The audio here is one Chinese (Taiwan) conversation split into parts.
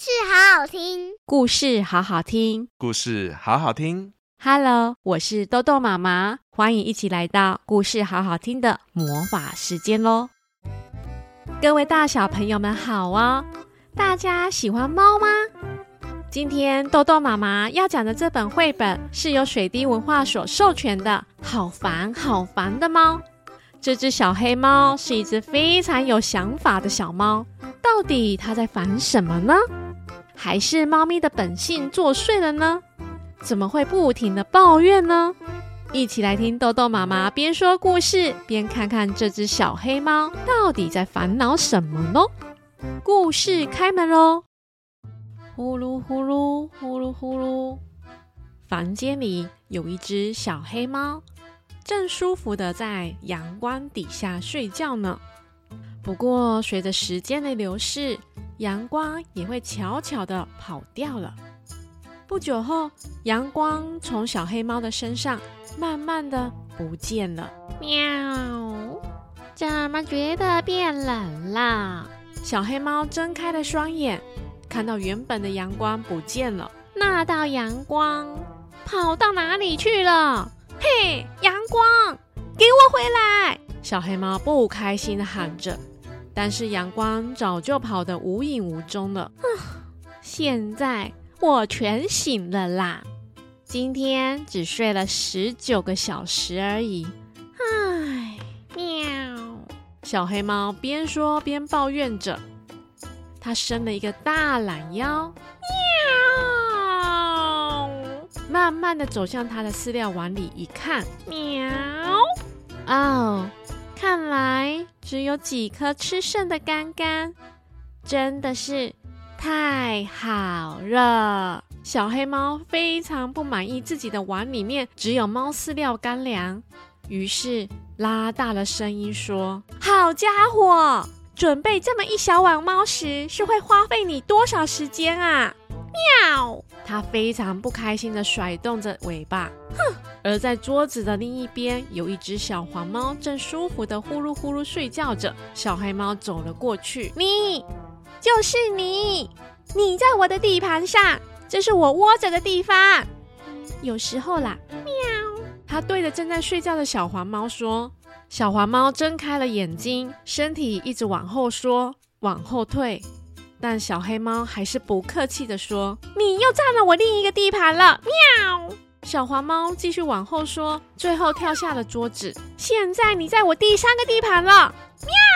故事好好聽，故事好好聽，故事好好聽。Hello，我是豆豆媽媽，歡迎一起來到故事好好聽的魔法時間嘍！各位大小朋友們好啊、哦！大家喜歡貓嗎？今天豆豆媽媽要講的這本繪本是由水滴文化所授權的《好煩好煩的貓》。這隻小黑貓是一隻非常有想法的小貓，到底它在煩什麼呢？還是貓咪的本性作祟了呢？怎麼會不停地抱怨呢？一起來聽荳荳媽媽邊說故事邊看看這隻小黑貓到底在煩惱什麼呢？故事開門嘍！呼嚕呼嚕呼嚕呼嚕，房間裡有一隻小黑貓，正舒服地在陽光底下睡覺呢。不過隨着時間的流逝，陽光也會悄悄的跑掉了。不久後，陽光從小黑貓的身上慢慢的不見了。喵，怎麼覺得變冷了？小黑貓睜開了雙眼，看到原本的陽光不見了。那道陽光跑到哪裡去了？嘿，陽光，給我回來！小黑貓不開心的喊着。但是陽光早就跑得無影無蹤了。現在我全醒了啦，今天只睡了十九個小時而已。唉，喵！小黑貓邊說邊抱怨着，它伸了一個大懶腰，喵，慢慢地走向它的飼料碗裡，一看，喵，哦、oh。看來只有幾顆吃剩的乾乾，真的是太好了。小黑貓非常不滿意自己的碗裡面只有貓飼料乾糧，於是拉大了聲音說：“好家伙，準備這麼一小碗貓食是會花費你多少時間啊？”喵！它非常不開心地甩動着尾巴，哼。而在桌子的另一邊，有一隻小黃貓正舒服地呼嚕呼嚕睡覺着。小黑貓走了過去，你就是你，你在我的地盤上，這是我窩着的地方。有時候啦，喵！它對着正在睡覺的小黃貓說。小黃貓睜開了眼睛，身體一直往後縮，往後退。但小黑貓還是不客氣的說：“你又占了我另一個地盤了。”喵！小黃貓繼續往後說，最後跳下了桌子。現在你在我第三個地盤了。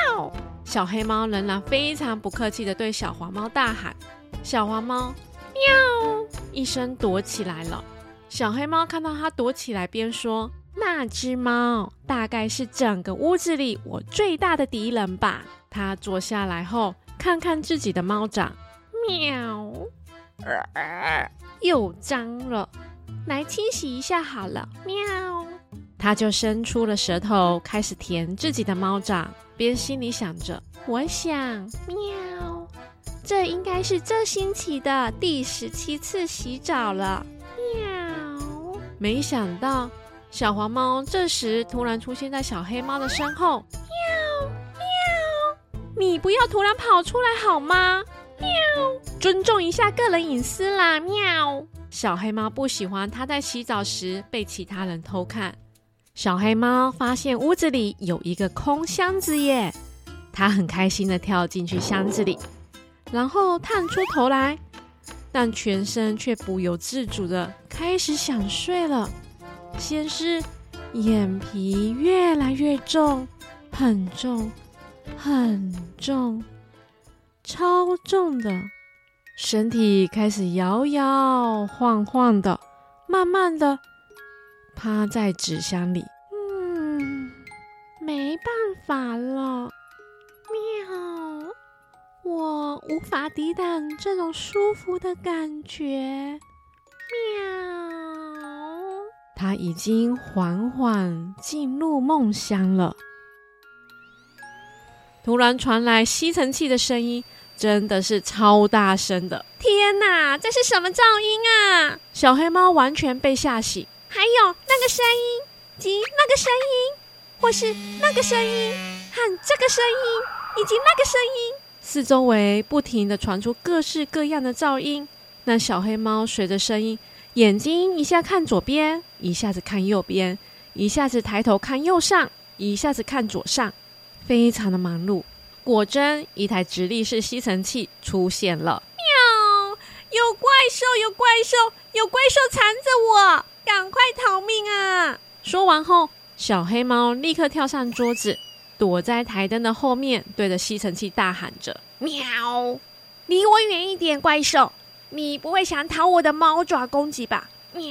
喵！小黑貓仍然非常不客氣的對小黃貓大喊：“小黃貓！”喵一聲躲起來了。小黑貓看到它躲起來，便說：“那只貓大概是整個屋子裡我最大的敵人吧。”它坐下來後。看看自己的貓掌，喵，又髒了，來清洗一下好了，喵。它就伸出了舌頭，開始舔自己的貓掌，邊心裡想着：“我想，喵，這應該是這星期的第十七次洗澡了。”喵。沒想到，小黃貓這時突然出現在小黑貓的身後。你不要突然跑出來好嗎？喵，尊重一下個人隱私啦！喵，小黑貓不喜歡它在洗澡時被其他人偷看。小黑貓發現屋子裡有一個空箱子耶，它很開心地跳進去箱子裡，然後探出頭來，但全身卻不由自主地開始想睡了。先是眼皮越來越重，很重。很重，超重的身體開始搖搖晃晃的，慢慢的趴在紙箱裡。嗯，沒辦法了。喵，我無法抵擋這種舒服的感覺。喵，他已經緩緩進入夢鄉了。突然傳來吸塵器的聲音，真的是超大聲的！天哪，這是什麼噪音啊？小黑貓完全被嚇醒。還有那個聲音，及那個聲音，或是那個聲音，和這個聲音，以及那個聲音。四周圍不停地傳出各式各樣的噪音，那小黑貓隨着聲音，眼睛一下看左邊，一下子看右邊，一下子抬頭看右上，一下子看左上。非常的忙碌，果真一台直立式吸塵器出現了。喵！有怪獸，有怪獸，有怪獸纏着我，趕快逃命啊！說完後，小黑貓立刻跳上桌子，躲在檯燈的後面，對着吸塵器大喊着：“喵！離我遠一點，怪獸！你不會想逃我的貓爪攻擊吧？喵！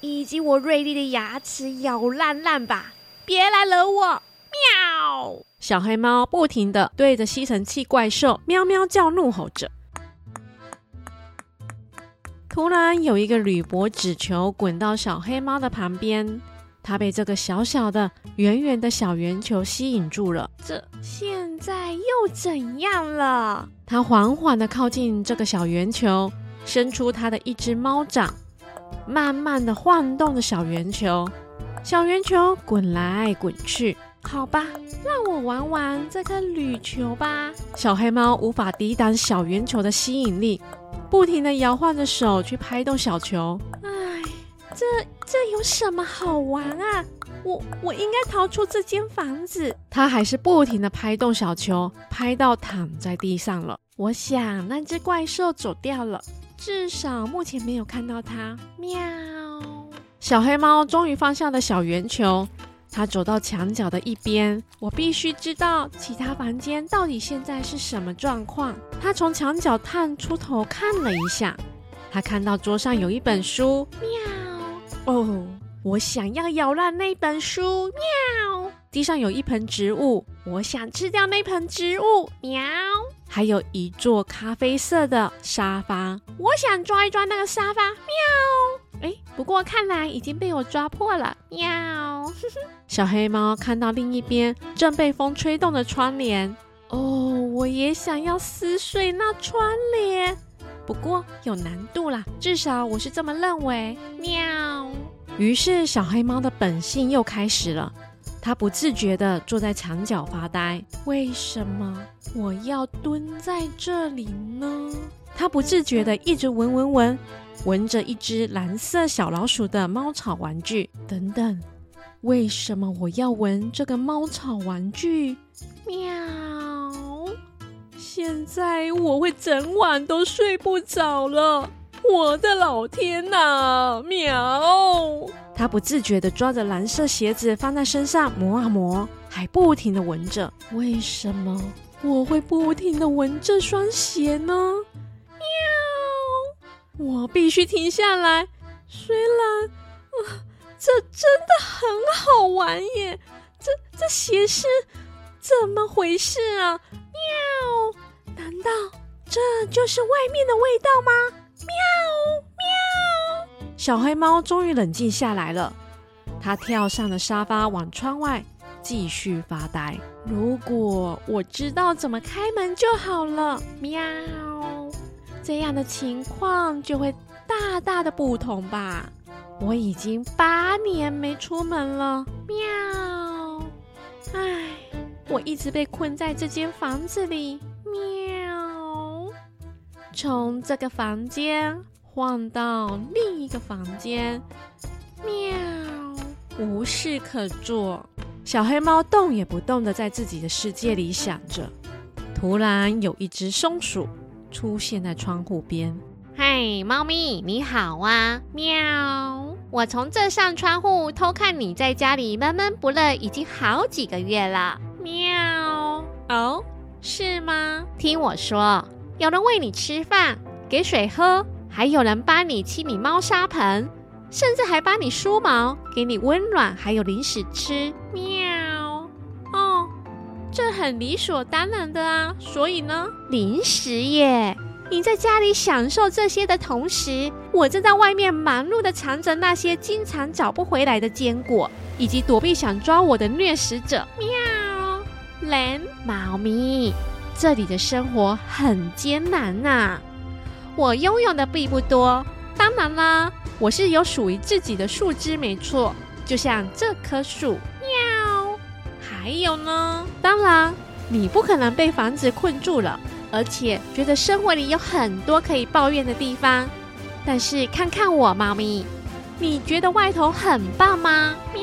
以及我銳利的牙齒咬爛爛吧？別來惹我！”喵！小黑貓不停地對着吸塵器怪獸喵喵叫，怒吼着。突然，有一個鋁箔紙球滾到小黑貓的旁邊，它被這個小小的、圓圓的小圓球吸引住了。這現在又怎樣了？它緩緩地靠近這個小圓球，伸出它的一隻貓掌，慢慢地晃動着小圓球，小圓球滾來滾去。好吧，讓我玩玩這個鋁球吧。小黑貓無法抵擋小圓球的吸引力，不停地搖晃着手去拍動小球。唉，這這有什麼好玩啊？我我應該逃出這間房子。它還是不停地拍動小球，拍到躺在地上了。我想那只怪獸走掉了，至少目前沒有看到它。喵！小黑貓終於放下了小圓球。他走到牆角的一邊，我必須知道其他房間到底現在是什麼狀況。他從牆角探出頭看了一下，他看到桌上有一本書，喵！哦，我想要咬爛那本書，喵！地上有一盆植物，我想吃掉那盆植物，喵！還有一座咖啡色的沙發，我想抓一抓那個沙發，喵！哎，不過看來已經被我抓破了，喵！ 小黑貓看到另一邊正被風吹動的窗簾，哦，我也想要撕碎那窗簾，不過有難度啦，至少我是這麼認為。喵！於是小黑貓的本性又開始了，它不自覺的坐在牆角發呆。為什麼我要蹲在這裡呢？它不自覺的一直聞聞聞，聞着一只藍色小老鼠的貓草玩具，等等。為什麼我要聞這個貓草玩具？喵！現在我會整晚都睡不着了。我的老天哪！喵！他不自覺的抓着藍色鞋子放在身上磨啊磨，還不停的聞着。為什麼我會不停的聞這雙鞋呢？喵！我必須停下來，雖然……啊這真的很好玩耶！這這鞋是怎麼回事啊？喵！難道這就是外面的味道嗎？喵喵！小黑貓終於冷靜下來了，它跳上了沙發，往窗外繼續發呆。如果我知道怎麼開門就好了，喵！這樣的情況就會大大的不同吧。我已經八年沒出門了，喵。唉，我一直被困在這間房子裡，喵。從這個房間晃到另一個房間，喵。無事可做，小黑貓動也不動的在自己的世界裡想着。突然有一隻松鼠出現在窗戶邊，嗨，貓咪，你好啊，喵。我從這扇窗戶偷看你在家裡悶悶不樂，已經好幾個月了。喵，哦，是嗎？聽我說，有人餵你吃飯，給水喝，還有人幫你清理貓砂盆，甚至還幫你梳毛，給你溫暖，還有零食吃。喵，哦，這很理所當然的啊。所以呢，零食耶。你在家裡享受這些的同時，我正在外面忙碌地藏着那些經常找不回來的堅果，以及躲避想抓我的掠食者。喵，人貓咪，這裡的生活很艱難吶、啊。我擁有的並不多，當然啦，我是有屬於自己的樹枝，沒錯，就像這棵樹。喵，還有呢，當然，你不可能被房子困住了。而且覺得生活裡有很多可以抱怨的地方，但是看看我貓咪，你覺得外頭很棒嗎？喵！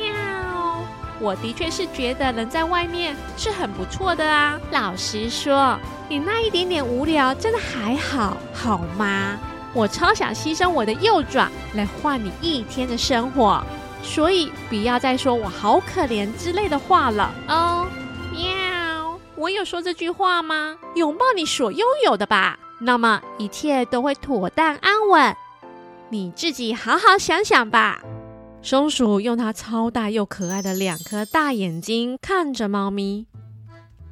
我的確是覺得人在外面是很不錯的啊。老實說，你那一點點無聊真的還好，好嗎？我超想犧牲我的右爪來換你一天的生活，所以不要再說我好可憐之類的話了哦。我有說這句話嗎？擁抱你所擁有的吧，那麼一切都會妥當安穩。你自己好好想想吧。松鼠用它超大又可愛的兩顆大眼睛看着貓咪，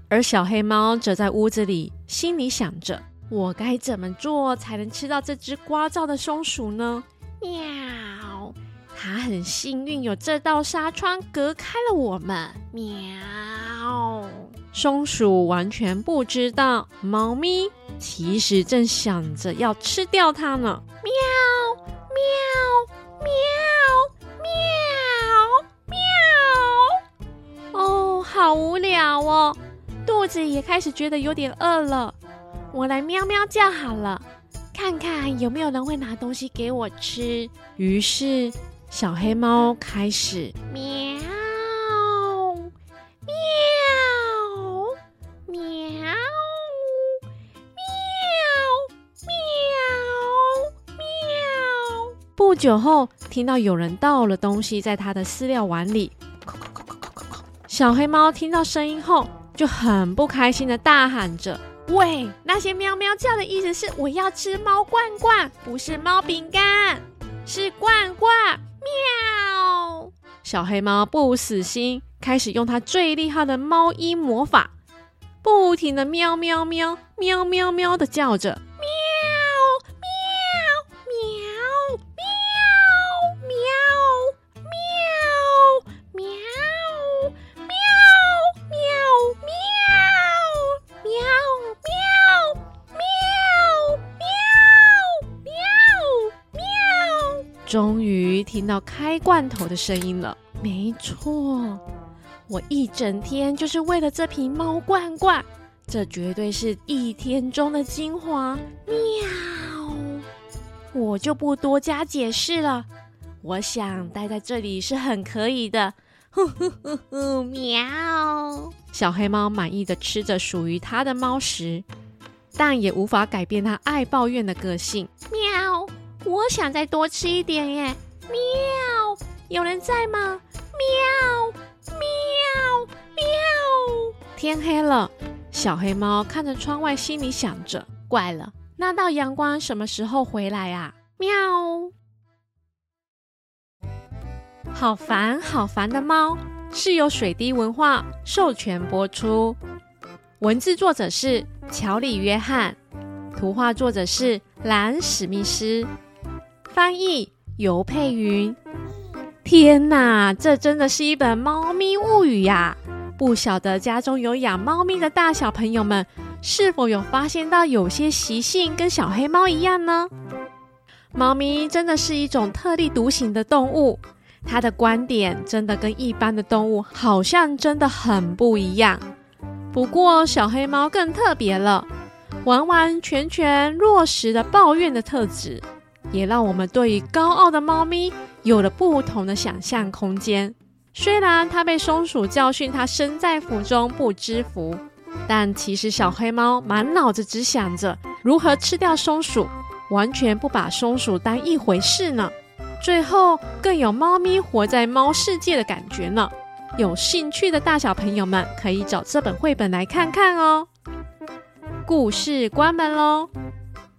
而小黑貓則在屋子裡心裡想着：我該怎麼做才能吃到這隻聒噪的松鼠呢？喵！它很幸運有這道紗窗隔開了我們。喵。松鼠完全不知道，貓咪其實正想着要吃掉它呢。喵喵喵喵喵！哦，好無聊哦，肚子也開始覺得有點餓了。我來喵喵叫好了，看看有沒有人會拿東西給我吃。於是，小黑貓開始喵。不久後聽到有人倒了東西在他的飼料碗裡，小黑貓聽到聲音後就很不開心的大喊着：“喂！那些喵喵叫的意思是我要吃貓罐罐，不是貓餅乾，是罐罐！”喵。小黑貓不死心，開始用它最厲害的貓衣魔法，不停的喵喵喵喵喵喵的叫着。終於聽到開罐頭的聲音了。沒錯，我一整天就是為了這瓶貓罐罐，這絕對是一天中的精華。喵，我就不多加解釋了。我想待在這裡是很可以的。喵，小黑貓滿意的吃着屬於它的貓食，但也無法改變它愛抱怨的個性。喵。我想再多吃一點耶！喵，有人在嗎？喵，喵，喵！天黑了，小黑貓看着窗外，心裡想着：怪了，那道陽光什麼時候回來啊？喵！好煩，好煩的貓，是由水滴文化授權播出，文字作者是喬裡·約翰，圖畫作者是藍史密斯。翻譯：游珮芸。天哪，這真的是一本貓咪物語呀、啊！不曉得家中有養貓咪的大小朋友們，是否有發現到有些習性跟小黑貓一樣呢？貓咪真的是一種特立獨行的動物，它的觀點真的跟一般的動物好像真的很不一樣。不過小黑貓更特別了，完完全全落實的抱怨的特質。也讓我們對於高傲的貓咪有了不同的想象空間。雖然它被松鼠教訓，它身在福中不知福，但其實小黑貓滿腦子只想着如何吃掉松鼠，完全不把松鼠當一回事呢。最後更有貓咪活在貓世界的感覺呢。有興趣的大小朋友們可以找這本繪本來看看哦、喔。故事關門嘍。